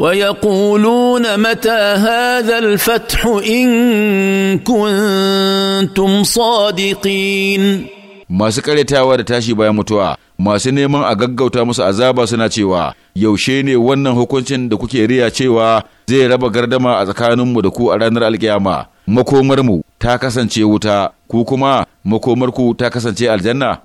ويقولون متى هذا الفتح ان كنتم صادقين masu karyatawa da tashi bayan mutuwa masu neman a gaggauta musu azaba suna cewa yaushe ne wannan hukuncin da kuke riya cewa zai raba gardama a tsakaninmu da ku a ranar alkiyama makomarmu ta kasance wuta ku kuma makomarku ta kasance aljanna